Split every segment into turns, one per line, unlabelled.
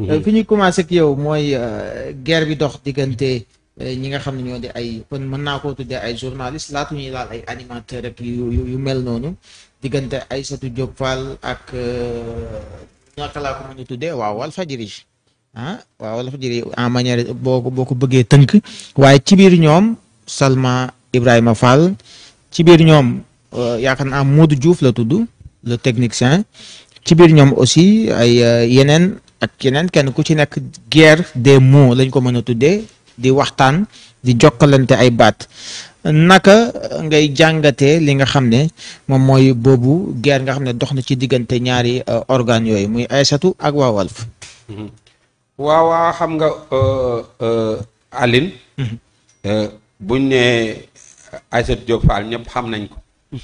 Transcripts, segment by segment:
Mhm. Euh, fi ñuy commencé ak yow mooy euh, guerre bi dox diggante euh, ñi nga xam ne ñoo di ay kon mën naa koo tuddee ay journaliste laatu ñuy laal ay animateur rek yu mel noonu diggante ay Aïssatou Diop Fall ak ñaata laa ko mën a tuddee waaw Walfadjri ah waaw Walfadjri en manière boo ko boo ko bëggee tënk waaye ci biir ñoom Salma Ibrahima Fall ci biir ñoom yaakaar naa Modou Diouf la tudd le technicien ci biir ñoom aussi ay yeneen ak keneen kenn ku ci nekk guerre des mots lañ ko mën a tuddee di waxtaan di jokkalante ay baat naka ngay jàngatee li nga xam ne moom mooy boobu guerre nga xam ne dox na ci diggante ñaari euh, organes yooyu muy Aysatu ak waa Walf waaw
mhm. waaw xam nga euh, euh, Aline mhm. buñ ne Aysatu Diop Fall ñëpp xam nañ ko mhm.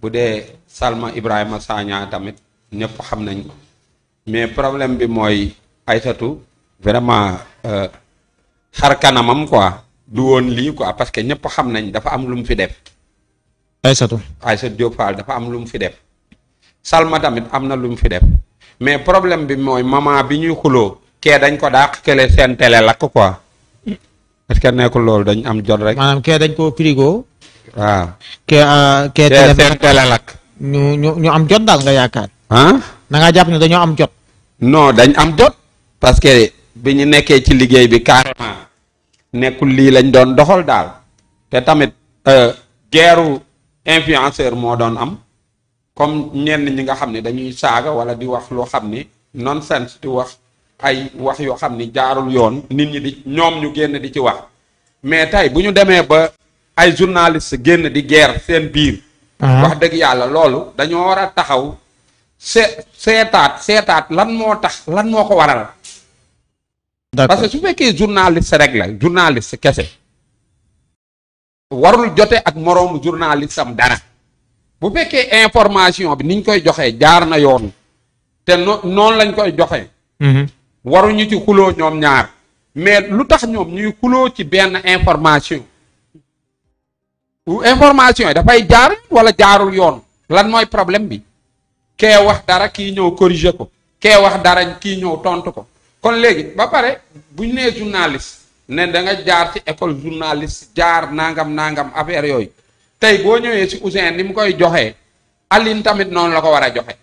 bu dee Salma Ibrahima Sagna tamit ñëpp xam nañ ko mais problème bi mooy Aysatu vraiment euh, xar kanamam quoi du woon lii quoi parce que ñëpp xam nañ dafa am lu mu fi def. Aysatu Aysatu Diop Fall dafa am lu mu fi def Salma tamit am na lu mu fi def mais problème bi mooy maman bi ñuy xuloo kee dañ ko daa kële seen télé lakk quoi est-ce que nekkul loolu dañ am jot rek. maanaam kee dañ koo frigo. waaw. kee euh, kee. lakk.
ñu ñu ñu am jot daal nga yaakaar.
ah. danga ngaa jàpp ne dañoo am jot. non dañ am jot parce que bi ñu nekkee ci liggéey bi carrément nekkul lii lañ doon doxal daal te tamit euh, guerru influenceur moo doon am comme ñenn ñi nga xam ne dañuy saaga wala di wax loo xam ni nonsense di wax ay wax yoo xam ni jaarul yoon nit ñi di ñoom ñu génn di ci wax mais tey bu ñu demee ba ay journaliste génn di guerre seen biir. Ah. wax dëgg yàlla loolu dañoo war a taxaw. see seetaat seetaat lan moo tax lan moo ko waral. parce que su fekkee journaliste rek la journaliste kese. warul jote ak moroomu journaliste am dara. bu fekkee information bi niñ koy joxee jaar na yoon. te no noonu lañ koy joxe. Mhm. waruñu ci xuloo ñoom ñaar. mais lu tax ñoom ñuy xuloo ci benn information. information yi dafay jaar wala jaarul yoon. lan mooy problème bi. kee wax dara kii ñëw corriger ko kee wax dara kii ñëw tontu ko kon léegi ba pare bu ñu nee journaliste ne da nga jaar ci école journaliste jaar nangam nangam affaire yooyu tey boo ñëwee si Ouzin ni mu koy joxee Aline tamit noonu la ko war a joxe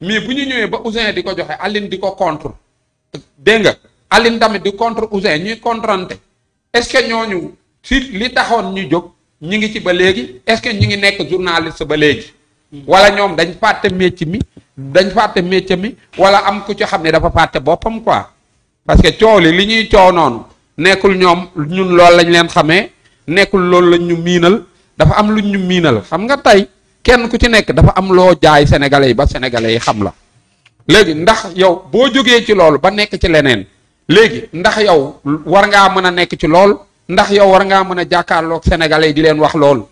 mais bu ñu ñëwee ba Ouzin di ko joxe Aline di ko contre dégg nga Aline tamit di contre Ouzin ñuy contrante est-ce que ñooñu si li taxoon ñu jóg ñu ngi ci ba léegi est-ce que ñu ngi nekk journaliste ba léegi. wala ñoom dañ fàtte métier mi dañ fàtte métier mi wala am ku ci xam ne dafa fàtte boppam ko parce que coow li li ñuy coow noonu nekkul ñoom ñun loolu lañ leen xamee nekkul loolu lañ ñu miinal dafa am lu ñu miinal xam nga tey kenn ku ci nekk dafa am loo jaay sénégalais yi ba sénégalais yi xam la léegi ndax yow boo jógee ci loolu ba nekk ci leneen léegi ndax yow war ngaa mën a nekk ci lool ndax yow war ngaa mën a jàkkaarlook sénégalais yi di leen wax loolu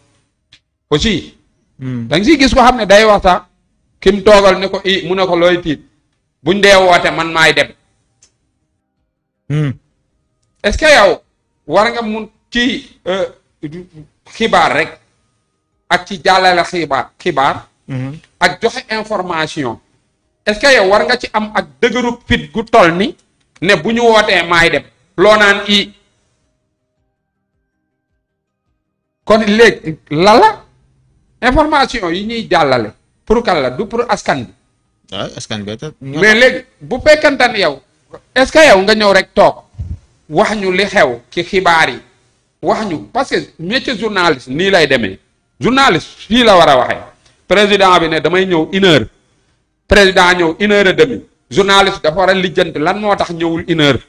Hmm. da nga siy gis ko xam ne day wax sax ki toogal ne ko i eh, mu ne ko looy tiit buñ dee woote man maay dem. Hmm. est-ce que yow war nga mun ci euh, xibaar rek ak ci jàllale xibaar xibaar. Hmm. ak joxe information. est-ce que yow war nga ci am ak dëgëru fit gu toll mi ne bu ñu wootee maay dem loo naan i kon léegi lala information yi ñuy jàllale pour kan la du pour askan bi. Ah, mais léegi bu fekkente ne yow est-ce que yow nga ñëw rek toog wax ñu li xew ki xibaar yi wax ñu parce que métier journaliste nii lay demee journaliste fii la war a waxee président bi ne damay ñëw une président ñëw une heure et demie journaliste dafa war a lijjanti lan moo tax ñëwul une heure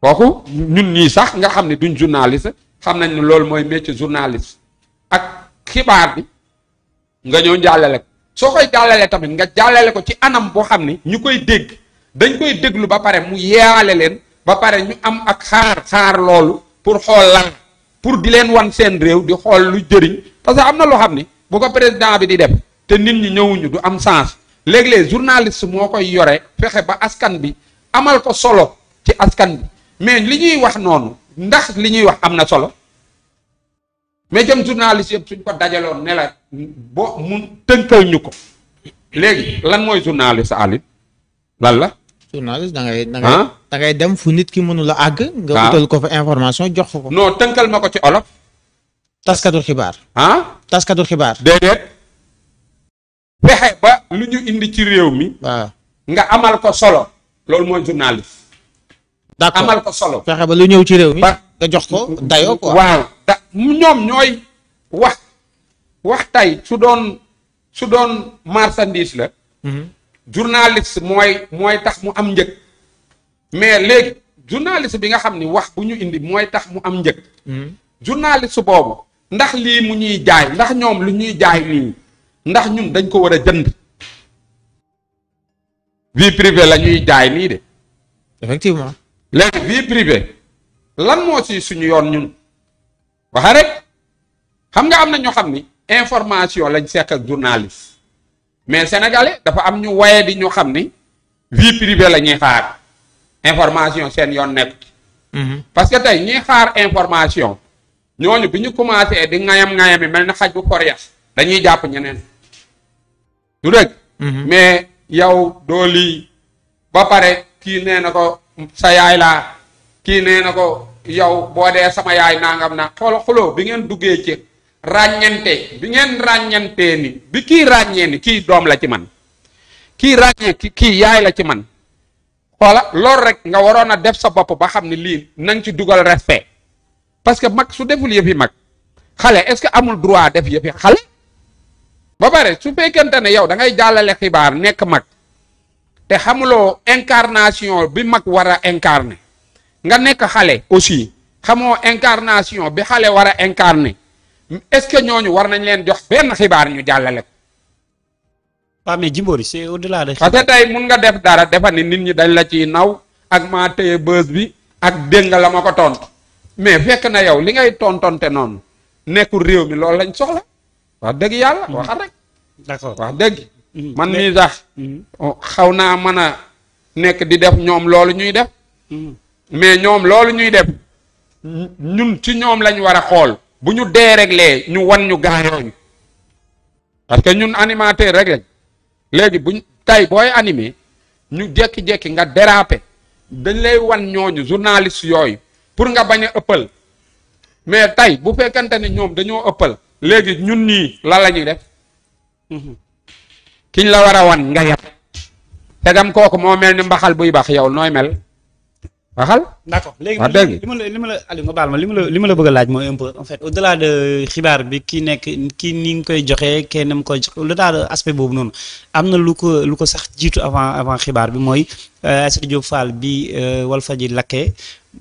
kooku ñun ñii sax nga xam ne duñ journaliste xam nañ ne loolu mooy métier journaliste ak. xibaar bi nga ñëw jàllale ko soo koy jàllale tamit nga jàllale ko ci anam boo xam ni ñu koy dégg dañ koy déglu ba pare mu yeexale leen ba pare ñu am ak xaar xaar loolu pour xool la pour di leen wan seen réew di xool lu jëriñ parce que am na loo xam ni bu ko président bi di dem te nit ñi ñëwuñu du am sens léeg-léeg journaliste moo koy yore fexe ba askan bi amal ko solo ci askan bi mais li ñuy wax noonu ndax li ñuy wax am na solo mais jëm journaliste yëpp suñ ko dajaloon ne la boo mun tënkal ñu ko léegi lan mooy journaliste Alioune lan la.
journaliste dangay da ngay da ngay dem fu nit ki mënula àgg. nga utal ko fa information jox ko. non
tënkal ma ko ci olof. taskatu xibaar. ah taskatu xibaar. déedéet. fexe ba lu ñu indi ci réew mi. waaw nga amal ko solo. loolu mooy journaliste. d'accord amal ko solo. fexe ba lu ñëw ci réew mi. nga jox ko dayoo quoi. waaw ñoom ñooy wax wax tey su doon su doon marchandise la. Mhm. journaliste mooy mooy tax mu am njëg. mais léegi journaliste bi nga xam ni wax bu ñu indi mooy tax mu am njëg. Mhm. journaliste boobu ndax lii mu ñuy jaay ndax ñoom lu ñuy jaay nii ndax ñun dañ ko war a jënd. vie privée la jaay nii de. effectivement. léegi vie privée lan moo ci suñu yoon ñun waxa xam nga am na ñoo xam ni information lañ seq ak journaliste mais sénégalais dafa am ñu waye di ñoo xam ni vi privée la ñuy xaar information seen yoon nekk ci mhm. parce que tey ñuy xaar information ñooñu bi ñu commencé di ŋayam-ŋayam yi mel na xaj bu koryas dañuy jàpp ñeneen du dëgg mhm. mais yow dooli ba pare kii nee ko sa yaay laa kii nee na ko yow boo dee sama yaay nangam na xool xuloo bi ngeen duggee ci ràññante bi ngeen ràññantee ni bi kii ràññee ni kii doom la ci man kii ràññee kii yaay la ci man xoola loolu rek nga waroon a def sa bopp ba xam ne lii nañ ci dugal respect parce que mag su deful yëfi mag xale est-ce que amul droit def yëfi xale ba pare su fekkente ne yow da ngay jàllale xibaar nekk mag te xamuloo incarnation bi mag war a incarné nga nekk xale aussi xamoo incarnation bi xale war a incarné est-ce que ñooñu war nañ leen jox benn xibaar ñu jàllale ko. waaw mais Jimbori c'est au-delà mun nga def dara defa nit ñi dañ la ciy naw ak maa téye bës bi ak dégg la ma ko tontu mais fekk na yow li ngay tontonte noonu nekkul réew mi loolu lañ soxla wax dëgg yàlla. Mm-hmm. waxal dëgg. Mm-hmm. man mii sax mm-hmm. oh, xaw naa mën a nekk di def ñoom loolu ñuy def mm-hmm. mais ñoom loolu ñuy def ñun ci ñoom lañ war a xool bu ñu dee reglee ñu wan ñu gaayooñu parce que ñun animateur rek léegi buñ tey booy animé ñu jékki-jékki nga déraper dañ lay wan ñooñu journaliste yooyu pour nga bañ a ëppal mais tey bu fekkante ne ñoom dañoo ëppal léegi ñun ñii la la ñuy def kiñ la war a wan nga yab tegam kooku moo mel ni mbaxal buy bax yow nooy mel waxal.
d'accord léegi li ma la li ma la
Aliou nga baal ma li ma la li ma la bëgg
laaj mooy un en fait au delà xibaar bi ki nekk ki ni nga koy joxee kenn ni mu koy joxe au delà aspect boobu noonu am na lu ko lu ko sax jiitu avant avant xibaar bi mooy euh, Aïssatou Diop Fall bi euh, ji lakkee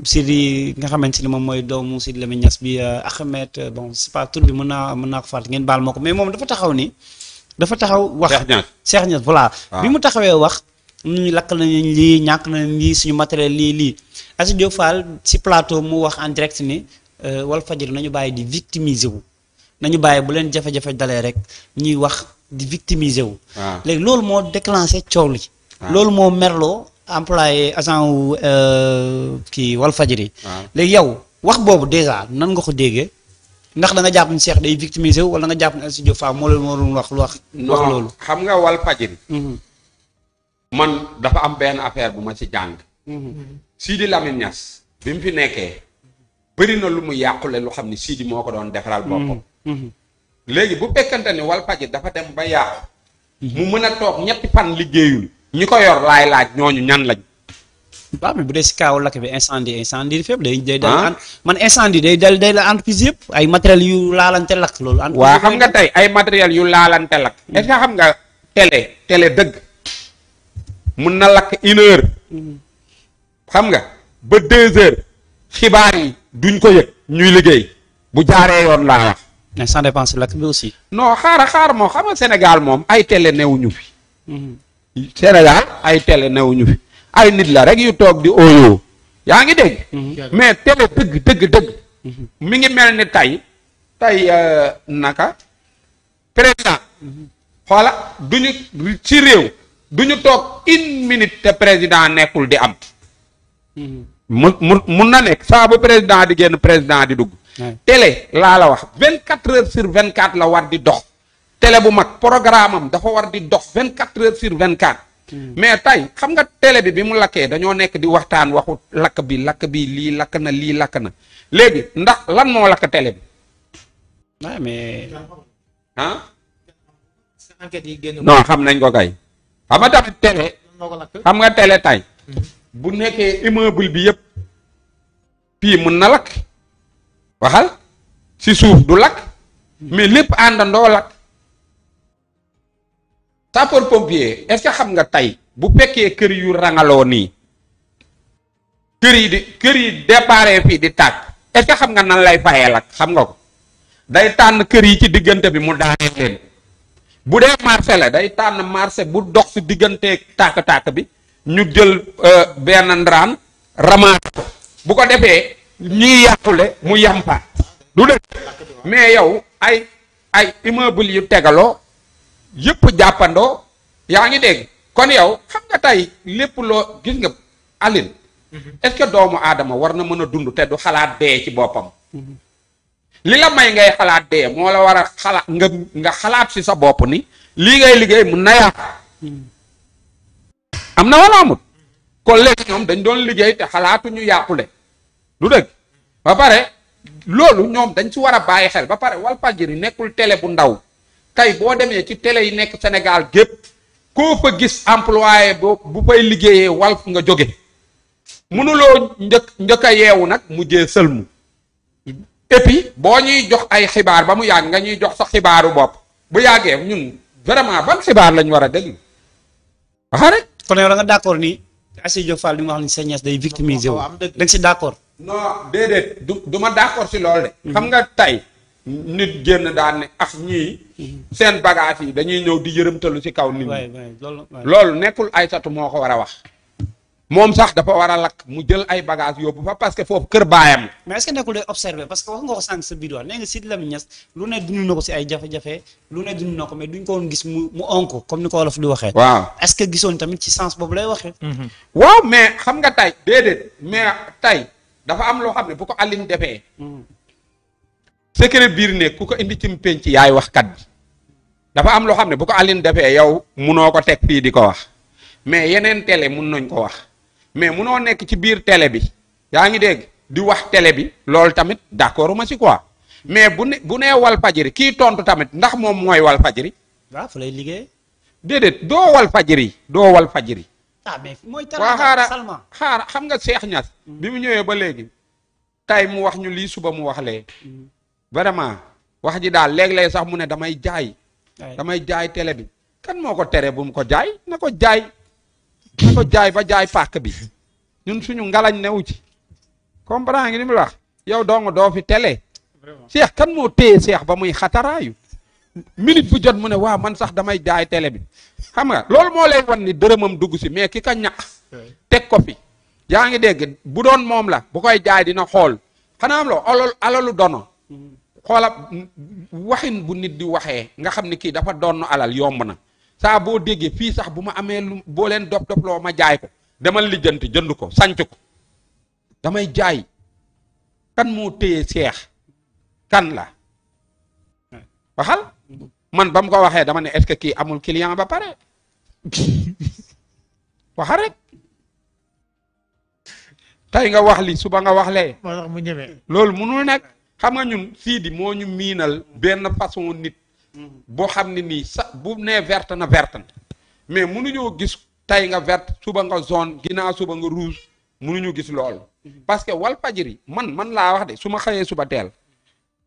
si di nga xamante ni moom mooy doomu si Lamine Niass bi euh, Ahmed bon c'est pas bi mën naa mën naa ko fàtte ngeen baal ma ko mais moom dafa taxaw ni. dafa taxaw wax Cheikh Niass voilà ah. bi mu taxawee wax ñu lakk nañu lii ñàkk nañu lii suñu matériel lii lii Aïssatou Diop si plateau mu wax en direct ni euh, Walfadjri nañu bàyyi di victimiser wu nañu bàyyi bu leen jafe-jafe rek ñuy wax di victimiser wu ah. léegi loolu moo déclenché coow li ah. loolu moo merloo employé agent wu euh, kii Walfadjri léegi yow wax boobu déjà nan nga ko déggee ndax da nga jàpp ni Cheikh day victimisé wu nga jàpp ni Aziz Diop Fall moo leen waroon wax lu wax.
wax xam nga wal fajiri. Mhm. man dafa am benn affaire bu ma ci jàng. Mhm. Sidi Lamine Niass bi mu fi nekkee bëri na lu mu yàqule lu xam ni Sidi moo ko doon defaral mhm. boppam. léegi bu fekkante ni wal fajiri dafa dem ba yàqu. mu mën a toog ñetti fan liggéeyul. ñu ko yor laay laaj ñooñu ñan lañ.
waaw mais bu dee si kaaw lakk bi incendie incendie fépp day day dal ah. man incendie day dal day
la entreprise yëpp ay matériel yu laalante lakk loolu entreprise waa xam nga tey ay matériel yu laalante lakk hmm. est-ce xam nga télé télé dëgg na lakk une hmm. xam nga ba deux heures xibaar yi duñ ko yëg ñuy liggéey bu jaaree yoon laa wax mais sans dépense lakk bi aussi non xaara xaar moom xam nga Sénégal moom ay télé ñu fi hmm. Sénégal ay télé newuñu fi ay nit la rek yu toog di ooyoo yaa ngi dégg mhm. mais télé dëgg dëgg dëgg mhm. mi ngi mel ni tey tey euh, naka président mhm. xoola du ñu si réew du ñu toog une minute te président nekkul di am mu mu mun na nekk saa bu président di génn président di dugg télé laa la wax vingt quatre heures sur vingt quatre la war di dox télé bu mag programme am dafa war di dox vingt quatre heures sur vingt quatre mais tey xam nga télé bi bi mu lakkee dañoo nekk di waxtaan waxu lakk bi lakk bi lii lakk na lii lakk na léegi ndax lan moo lakk télé bi. waaw ah, mais. ah.
yi génn. non xam
nañ ko kay. xam nga tamit télé. bu nekkee immeuble bi yëpp. fii mën na lakk. waxal si suuf du lakk. mais lépp àndandoo lakk. sapeur pompier est-ce que xam nga tey bu fekkee kër yu rangaloo nii kër yi di kër yi déparé fii di tàkk est xam nga nan lay fayee lak xam nga ko day tànn kër yi ci diggante bi mu daanee bu dee marché la day tànn marché bu dox si diggante tàkk-tàkk bi ñu jël euh, benn ndaraan ramaat ko bu ko defee ñuy yàqule mu yàmpaat du dëkk mais yow ay ay immeuble yu tegaloo yëpp jàppandoo yaa ngi dégg kon yow xam nga tey lépp loo gis nga Aline mhm. est-ce que doomu aadama war na mën a dund te du xalaat dee ci boppam mhm. li la may ngay xalaat dee moo la war a xalaat nga xalaat si sa bopp ni lii ngay liggéey mun na yàq mhm. am na wala amut kon léegi ñoom dañ doon liggéey te xalaatu ñu yàqule du dëgg ba pare loolu ñoom dañ si war a bàyyi xel ba pare Walfadjri nekkul tele bu ndaw tey boo demee ci télé yu nekk Sénégal gépp koo fa gis employé boo bu fay liggéeyee Walf nga jóge mënuloo njëkk njëkk a yeewu nag mujjee sëlmu et puis boo ñuy jox ay xibaar ba mu yàgg nga ñuy jox sa xibaaru bopp bu yàggee ñun vraiment ban xibaar lañ war a dëgg waxa rek kon yow da nga d'accord ni Aïssatou Diop li ma wax ni sa day victimiser wu da nga si d'accord non déedéet du du ma d'accord si lool de xam nga tey nit génn daan ne ak ñii mhm. seen bagage yi dañuy ñëw di yërëmtalu ci kaw nit ñi loolu nekkul Aysatu moo ko war a wax moom sax dafa war a lakk mu jël ay bagage yóbbu fa parce que foofu kër baayam la
mais est-ce que nekkul day observé parce que wax nga ko sànq sa biir wax nee nga Sidy Lamine Niass lu ne dund na ko ci ay jafe-jafe lu ne dund na ko mais duñ ko gis
mu onk comme ni ko wolof di waxee waaw est-ce que gisoon tamit ci sens boobu lay waxee mhm. waaw mais xam nga tey déedéet secret biir néeg ku ko indi ci cim penc yaay wax kat bi dafa am loo xam ne bu ko Aline defee yow munoo ko teg fii di ko wax mais yeneen télé mun nañ ko wax mais munoo nekk ci biir télé bi yaa ngi dégg di wax tele bi loolu tamit d'accord ma ci quoi mais bu ne bu nee wal fajiri kii tontu tamit ndax moom mooy wal fajiri. waaw fa lay liggéey. déedéet doo wal fajiri doo wal fajiri. ah mais mooy xaara xaara xam nga Cheikh Niass. bi mu ñëwee ba léegi. tay mu wax ñu lii suba mu wax lee. Mm. vraiment wax ji daal léeg-léeg sax mu ne damay jaay. damay jaay tele bi. kan moo ko tere bu mu ko jaay na ko jaay na ko jaay ba jaay pàkk bi ñun suñu ngalañ newu ci comprendre ngi ni mu wax yow dong doo fi tele seex kan moo téye seex ba muy xataraayu minute bu jot mu ne waaw man sax damay jaay tele bi xam nga loolu moo lay wan ni dërëmam dugg si mais ki ka ñaq teg ko fi yaa ngi dégg bu doon moom la bu koy jaay dina xool xanaa am lo alalu dono mm-hmm. xoolal waxin bu nit di waxee nga xam ne kii dafa doon alal yomb na saa boo déggee fii sax bu ma amee lu boo leen dop dop loo ma jaay ko demal lijjanti jënd ko sanc ko damay jaay kan moo téye seex kan la waxal man ba mu ko waxee dama ne est kii amul client ba pare waxal rek tey nga wax li suba nga wax lee. loolu munul nekk. xam nga ñun Sidi moo ñu miinal benn façon nit boo xam ne nii sa bu nee verte na verte na mais mënuñoo gis tey nga verte suba nga zone ginaa suba nga rouge mënuñu gis loolu parce que wal fajiri man man laa wax de su ma xëyee suba teel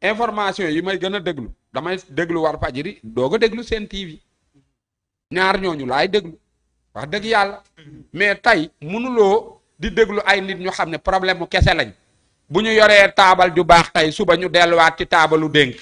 information yi may gën a déglu damay déglu war fajiri doog a déglu seen TV ñaar ñooñu laay déglu wax dëgg yàlla mais tey mënuloo di déglu ay nit ñu xam ne problème mu kese lañ bu ñu yoree taabal ju baax tey suba ñu delluwaat ci taabalu dénk